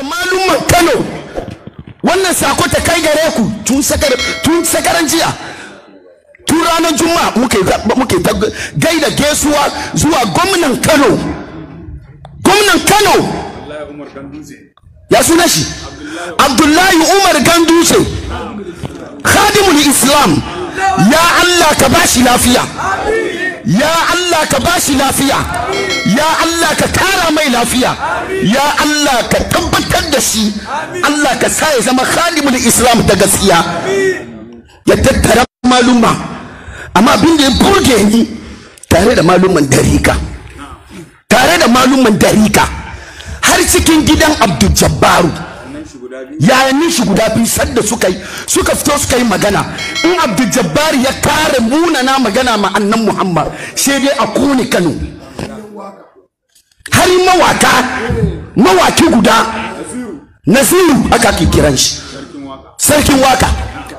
haka malumman kano wannan sako ta kai gare ku tun sakaran jiya tun ranar juma muke gaida gesuwa zuwa gwamnan kano gwamnan kano ya suna shi abdullahi umar ganduje khadimul islam ya allah ka bashi lafiya ya Allah ka ba shi lafiya ya Allah ka tara mai lafiya ya Allah ka tabbatar da shi Allah ka sa ya zama khalimul islam da gaskiya ya tattara maluma amma abin da ya burge ni tare da maluman dariƙa tare da maluman dariƙa har cikin gidan abdul jabbaru yi shi guda biyu sadda suka yi suka fito suka yi magana in jabbar ya kare munana magana ma annan muhammad sai dai a kone kano har mawaka mawaki guda nasiru aka ke kiran shi sarkin waka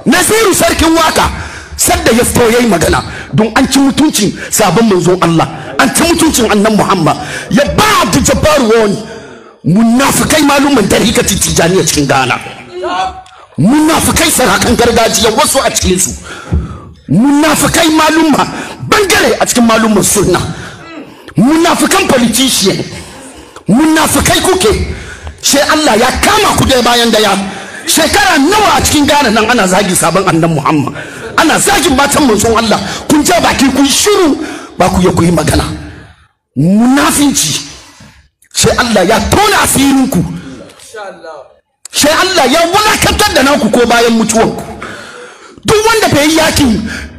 nasiru sarkin waka sadda ya fito yayi magana don an ci mutuncin sabon manzon Allah an ci mutuncin annan Muhammad ya ba Abdul Jabbar wani munafikai malumin titi a cikin Ghana munafikai sarakan gargajiya wasu a cikin su munafikai maluma bangare a cikin maluman sunna munafikan politician munafikai kuke she Allah ya kama ku da bayan da ya shekara nawa a cikin Ghana nan ana zagi sabon annan Muhammad ana zagin matan manzon Allah kun ja baki kun shiru ba ku ya kuyi magana munafinci she Allah ya tona asirinku insha Allah sai Allah ya wulakantar da naku ko bayan mutuwanku duk wanda bai yi yaki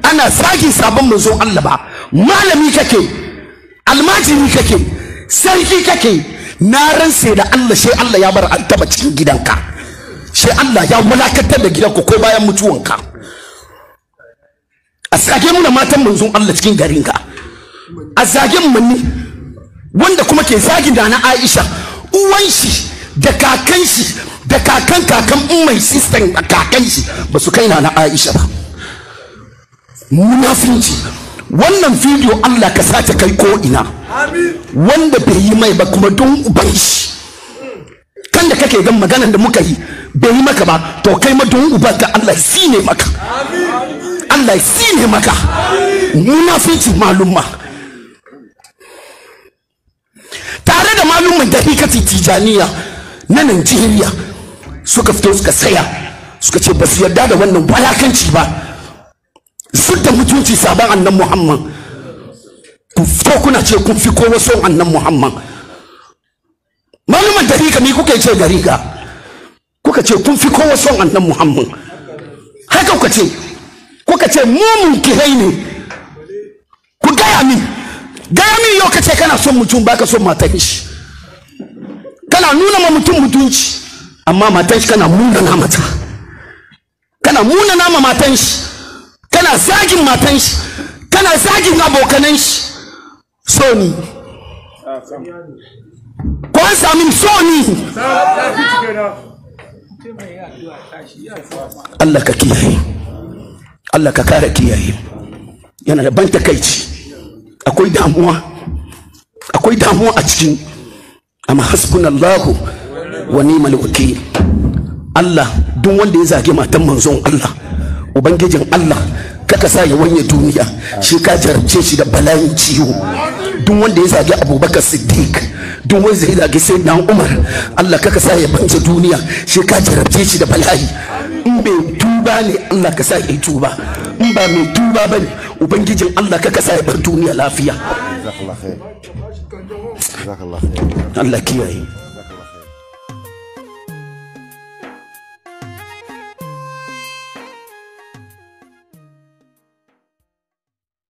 ana zagi sabon manzon Allah ba malami kake almajiri kake sarki kake na ransa da Allah sai Allah ya bar an taba cikin gidanka sai Allah ya wulakantar da gidanku ko bayan mutuwanka a sake nuna matan manzon Allah cikin garinka a zagen manni wanda kuma ke zagi da na Aisha uwan shi da kakan shi da kakan kakan in mai sistan kakan shi ba su kai na aisha ba munafinci wannan video allah ka sace kai ko ina wanda bai yi mai ba kuma don uban shi kan da kake gan maganan da muka yi bai yi maka ba to kai ma don uban ka allah si ne maka allah si ne maka munafinci malumma tare da malumman da hikati tijaniya na nigeria suka fito suka saya suka ce ba su yarda da wannan walakanci ba sun da mutunci sabon annan muhammad ku fito kuna ce kun fi kowa son annan muhammad malaman dariƙa ni kuka ce dariƙa kuka ce kun fi kowa son annan muhammad haka kuka ce kuka ce mu kihai ne ku gaya min gaya min yau ka ce kana son mutum baka son matan shi kana nuna ma mutum mutunci amma matan shi kana munana mata kana muna nama matan shi kana zagin matan shi kana zagin abokanan shi so ni ko an sami so ni Allah ka kiyaye Allah ka kare kiyaye yana da ban takaici akwai damuwa akwai damuwa a cikin amma hasbunallahu wa ni'mal wakil Allah duk wanda ya zage matan manzon Allah ubangijin Allah kaka sa ya wanye duniya shi ka jarce shi da bala'in ciwo duk wanda ya zage Abubakar Siddiq duk wanda ya zage Sayyidina Umar Allah kaka sa ya banje duniya shi ka jarce shi da bala'i in bai tuba ne Allah ka sa ya tuba in ba mai tuba bane ubangijin Allah kaka sa ya bar duniya lafiya Allah kiyaye